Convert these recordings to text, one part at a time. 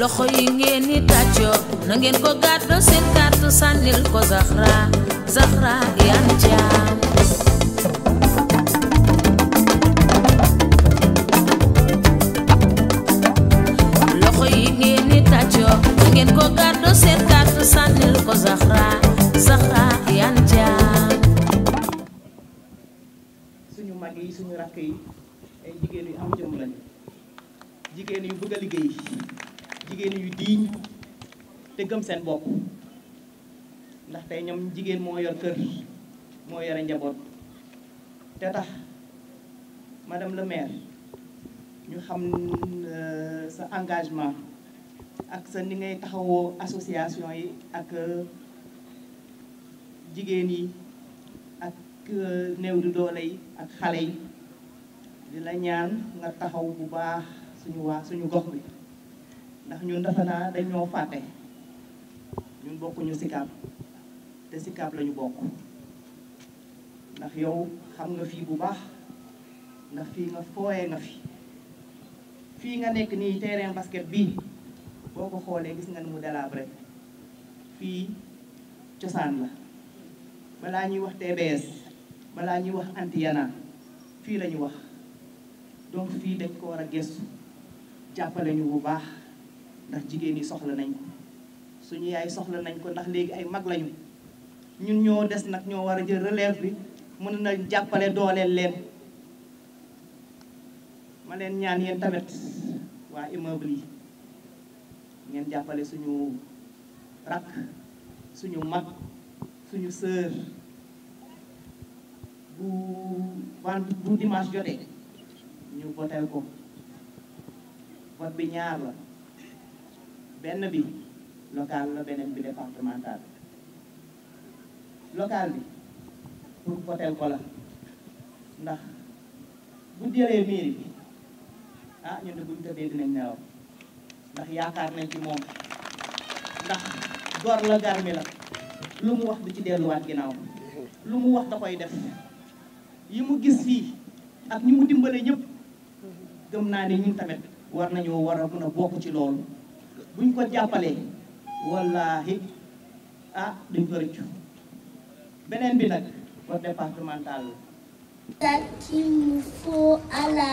loxo yi ngeen ni tàccoo na ko gàddo seen carte sànnil ko Zahra Zahra Iyane Thiam yi ngeen ni tàccoo na suñu mag yi suñu rakk yi ay jigéen yu am jom lañu jigéen yu bëgg a liggéey jigéen yu diiñ seen bopp ndaxte tey ñoom jigéen moo yor kër moo yore njaboot te tax madame le maire ñu xam euh, sa engagement ak sa ni ngay taxawoo association yi ak euh, jigéen yi ak euh, néew di doole yi ak xale yi di la ñaan nga taxaw bu baax suñu waa suñu gox bi ndax ñun defe naa dañoo fàtte ñun bokkuñu Sicap te Sicap lañu bokk ndax yow xam nga fii bu baax ndax fii nga fooyee nga fi fii nga nekk nii terrain basket bii boo ko xoolee gis nga ni mu délabré fii cosaan la balaa ñuy wax TBS balaa ñuy wax Antiyana fii la ñu wax donc fii dañ ko war a gëstu jàppale ñu bu baax ndax jigéen yi soxla nañ ko suñu yaay soxla nañ ko ndax léegi ay mag lañu ñun ñoo des nag ñoo war a jël relève bi mën na jàppale dooleel leen ma leen ñaan yéen tamit waa immeuble yi ngeen jàppale suñu rakk suñu mag suñu sœur bu wan bu dimanche jotee ñu votel ko vote bi ñaar la benn bi local la beneen bi départemental local bi pour votel ko la ndax bu jëlee mairie bi ah ñun de buñu tëddee dinañ nelaw ndax yaakaar nañ ci moom ndax gor la garmi la lu mu wax du ci delluwaat ginnaaw lu mu wax da koy def yi mu gis fii ak ñi mu dimbale ñëpp gëm naa ne ñun tamit war nañoo war a mën a bokk ci loolu buñ ko jàppalee wallaahi ah duñ ko rëccu bi nag code départemental la. qu'il nous faut à la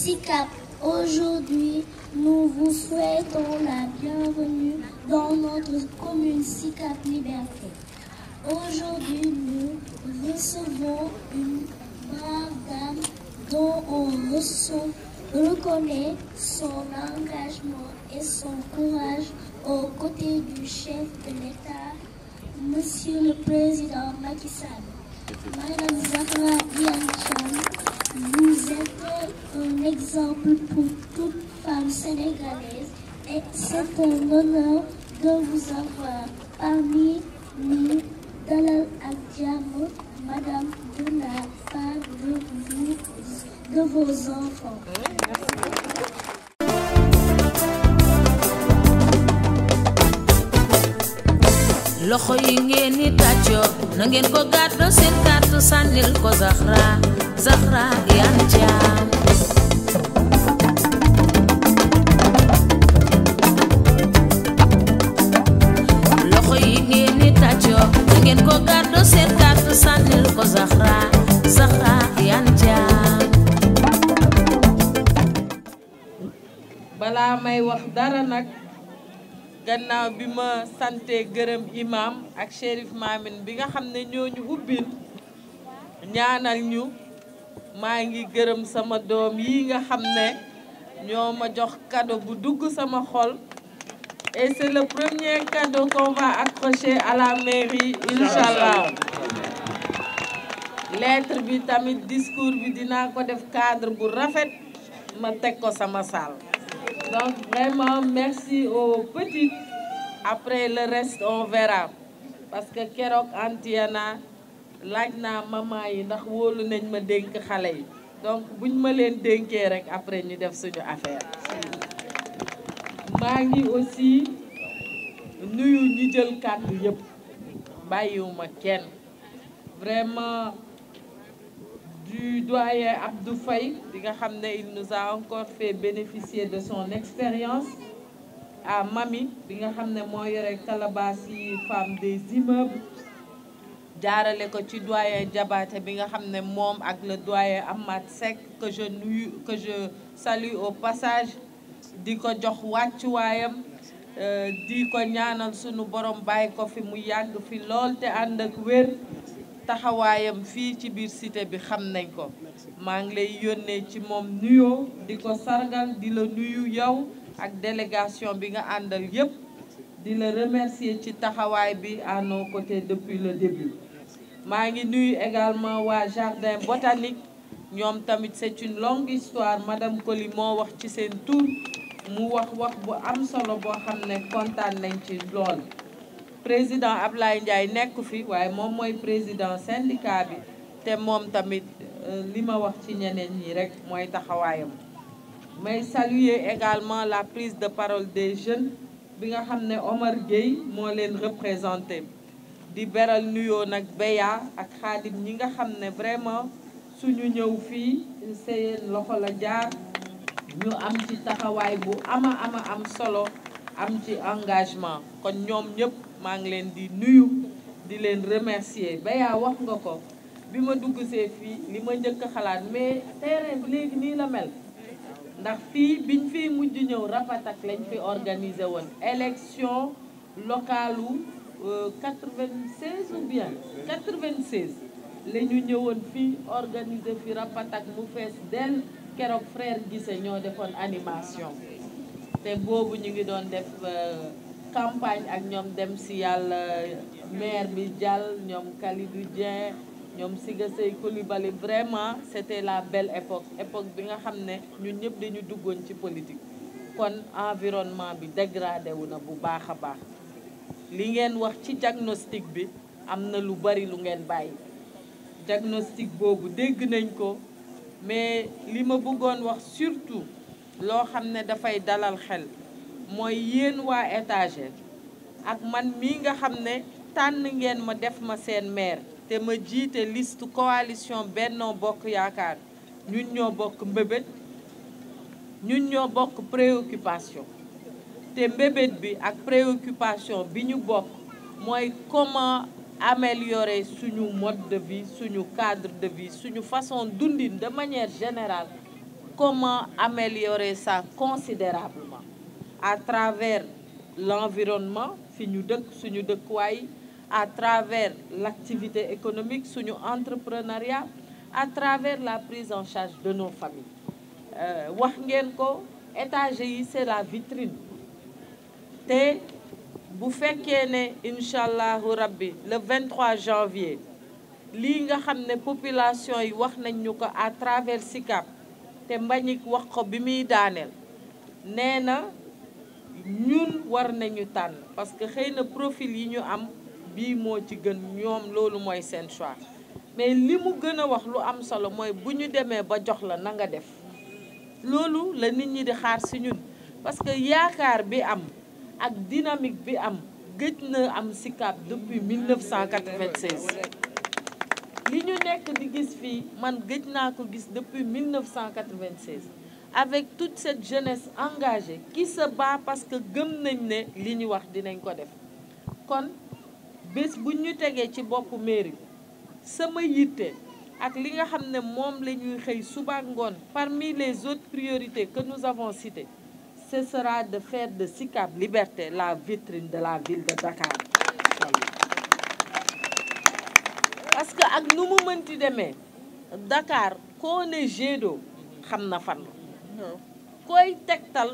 SICAP aujourd'hui nous vous souhaitons la bienvenue dans notre commune SICAP Liberté. Aujourd'hui, nous recevons une brave dame dont on ressent reconnaît son engagement et son courage aux côtés du chef de l'État, Monsieur le Président Macky Madame Zahra Iyane vous êtes un exemple pour toute femme sénégalaise et c'est un honneur de vous avoir parmi nous dalal ak jàmm Madame Diouna, pas de vos enfants. loxo yi ngeen ni tàccoo na ngeen ko gàddo seen kàddu sànnil ko Zahra Zahra Iyane Thiam yi ngeen ni tàccoo balaa may wax dara nag gannaaw bi ma sante gërëm imam ak shérif maamin bi nga xam ne ñooñu ubbil ñaanal ñu maa ngi gërëm sama doom yi nga xam ne ñoo ma jox cadeau bu dugg sama xol et c'est le premier cadeau qu'on va à la mairie inchallah lettre bi tamit discours bi dinaa ko def cadre bu rafet ma teg ko sama salle après le reste on parce que keroog Antiana laaj naa maman yi ndax wóolu nañ ma dénk xale yi donc buñ ma leen dénkee rek après ñu def suñu affaire maa ngi aussi nuyu ñu jël kàddu yëpp bàyyiwuma kenn vraiment du doyen Abdou Faye bi nga xam ne il nous a encore fait bénéficier de son expérience à bi nga xam ne moo yore calebasse yi femme des immeubles jaarale ko ci doyen Jabaate bi nga xam ne moom ak la doyen Ahmad Seck que je nuyu que je salue au passage di ko jox wàccuwaayam euh, di ko ñaanal sunu borom bàyyi ko fi mu yàgg fi lool te ànd ak wér taxawaayam fii ci biir cité bi xam nañ ko maa ngi lay yónnee ci moom nuyoo di ko sargal di la nuyu yow ak délégation bi nga àndal yépp di la remercier ci taxawaay bi à nos côtés depuis le début maa ngi nuyu également waa jardin botanique ñoom tamit c'est une longue histoire madame Coly moo wax ci seen tur mu wax wax bu am solo boo xam ne kontaan nañ ci lool président Ablaye Ndiaye nekk fi waaye moom mooy président syndicat bi te moom tamit euh, li ma wax ci ñeneen ñi rek mooy taxawaayam may saluer également la prise de parole des jeunes bi nga xam ne Omar Gueye moo leen représenté di beral nuyoo nag Beya ak Khadim ñi nga xam ne vraiment suñu ñëw fii seen loxo la jaar ñu am ci taxawaay bu ama ama am solo am ci engagement kon ñoom ñëpp maa ngi leen di nuyu di leen remercier Beya wax nga ko bi ma dugg see fii li ma njëkk xalaat mais terrain léegi nii la mel ndax fii biñ fi mujj ñëw rapatak lañ fi organisé woon élection locale u 96 euh, ou bien 96 la ñu ñëwoon fii organisé fi rapatak mu fees del keroog frère gise ñoo defoon animation te boobu ñu ngi doon def euh, campagne ak ñoom dem si yàlla maire bi Diall ñoom Kalidou Dieng ñoom Siga Sey Coulibaly vraiment c'était la belle époque époque bi nga xam ne ñun ñëpp dañu duggoon ci politique kon environnement bi dégradé wu na bu baax a baax li ngeen wax ci diagnostic bi am na lu bari lu ngeen bàyyi diagnostic boobu dégg nañ ko mais li ma bëggoon wax surtout loo xam ne dafay dalal xel mooy yéen waa étagère ak man mii nga xam ne tànn ngeen ma def ma seen maire te ma jiite liste coalition Benno Bokk Yaakaar ñun ñoo bokk mbébét ñun ñoo bokk préoccupation te mbébét bi ak préoccupation bi ñu bokk mooy comment améliorer suñu mode de vie suñu cadre de vie suñu façon dundi de manière générale comment améliorer ça considérablement à travers l'environnement fi ñu dëkk suñu dëkkuwaay à travers l'activité économique suñu entrepreneuriat à travers la prise en charge de nos familles euh, wax ngeen ko état yi c'est la vitrine te bu fekkee ne incha allahu rabbi le 23 janvier lii nga xam ne population yi wax nañ ñu ko à travers SICAP te Mbagnick wax ko bi muy daaneel nee na ñun war nañu tànn parce que xëy na profil yi ñu am bii moo ci gën ñoom loolu mooy seen choix mais li mu gën a wax lu am solo mooy bu ñu demee ba jox la nanga def loolu la nit ñi di xaar si ñun parce que yaakaar bi am ak dynamique bi am gëj na am Sicap depuis 1996 li ñu nekk di gis fii man gëj naa ko gis depuis 1996 avec tout cette jeunesse engagée qui se bat parce que gëm nañ ne li ñu wax dinañ ko def kon bés bu ñu tegee ci boppu mairie sama yitte ak li nga xam ne moom la ñuy xëy suba ak ngoon parmi les autres priorités que nous avons citées ce sera de faire de Sicap Liberté la vitrine de la ville de Dakar parce que ak nu mu mënti demee Dakar koo ne jet xam na fan koy tegtal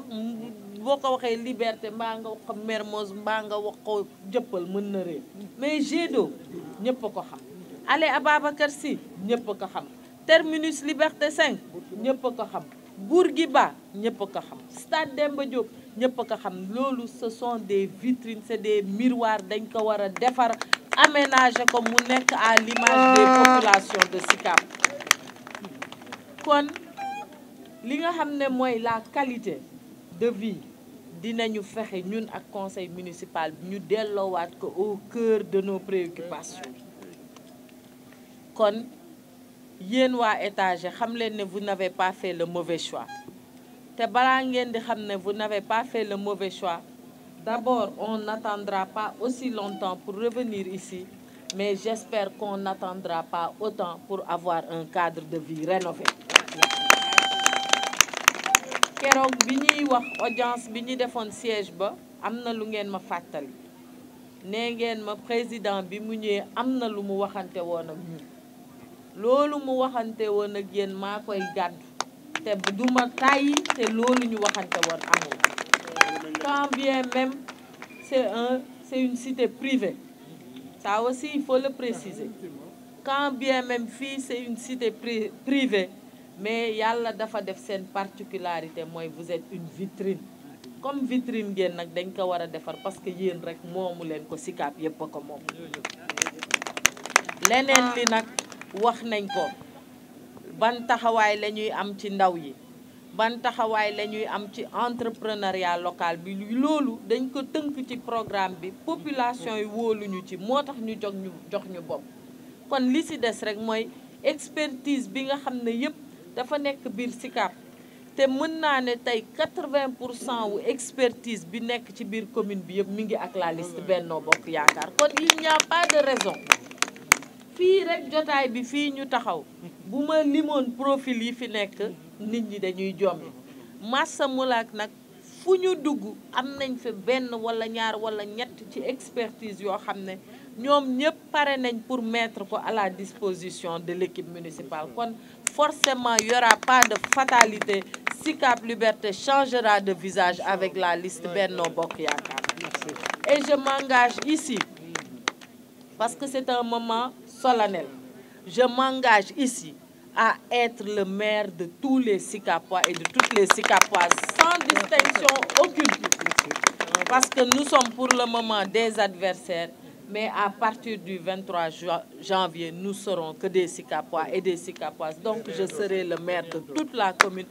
boo ko waxee liberté mbaa nga wax ko Mermoz mbaa nga wax ko jëppal mën na réer mais jet d'eau ñëpp ko xam allée Ababacar Sy ñëpp ko xam terminus liberté 5 ñëpp ko xam Bourguiba ñëpp ko xam stade Demba Diop ñëpp ko xam loolu ce sont des vitrine c'est des miroirs dañ ko war a defar aménager ko mu nekk à l'image des de Sicap kon li nga xam ne mooy la qualité de vie dinañu fexe ñun ak conseil municipal bi ñu delloowaat ko au cœur de nos préoccupations kon yéen waa étage xam leen ne vous n'avez pas fait le mauvais choix te balaa ngeen di xam ne vous n'avez pas fait le mauvais choix d'abord on n'attendra pas aussi longtemps pour revenir ici mais j'espère qu'on n'attendra pas autant pour avoir un cadre de vie rénové keroog bi ñuy wax audience bi ñu defoon siège ba am na lu ngeen ma fàttali nee ngeen ma président bi mu ñëwee am na lu mu waxante woon ak ñun loolu mu waxante woon ak yéen maa koy gàddu te du ma tàyyi te loolu ñu waxante woon amul quand bien même c'est un c'est une cité privée ça aussi il faut le préciser quand bien même fii c'est une cité privée mais yàlla dafa def seen particularité mooy vous êtes une vitrine comme vitrine ngeen nag dañ ko war a defar parce que yéen rek moomu leen ko Sicap yépp a ko moom leneen li nag wax nañ ko ban taxawaay la ñuy am ci ndaw yi ban taxawaay la ñuy am ci entrepreneuriat local bi loolu dañ ko tënk ci programme bi population yi wóoluñu ci moo tax ñu jox ñu jox ñu bopp kon li si des rek mooy expertise bi nga xam ne yépp dafa nekk biir SICAP te mën naa ne tey 80 pour cent wu expertise bi nekk ci biir commune bi yëpp mi ngi ak la liste mm-hmm. Benno Bokk Yaakaar kon il n'y a pas de raison fii rek jotaay bi fii ñu taxaw bu ma limoon profil yi fi nekk nit ñi dañuy jommi massa mulaak nag fu ñu dugg am nañ fi benn wala ñaar wala ñett ci expertise yoo xam ne ñoom ñëpp pare nañ pour mettre ko à la disposition de l'équipe municipale kon forcément il n'y aura pas de fatalité si Cap Liberté changera de visage avec la liste Benno Bokk Et je m'engage ici, parce que c'est un moment solennel, je m'engage ici à être le maire de tous les Sikapois et de toutes les Sikapoises, sans distinction aucune. Parce que nous sommes pour le moment des adversaires. mais à partir du 23 janvier, nous serons que des Sikapois et des Sikapoises. Donc, je serai le maire toute la commune.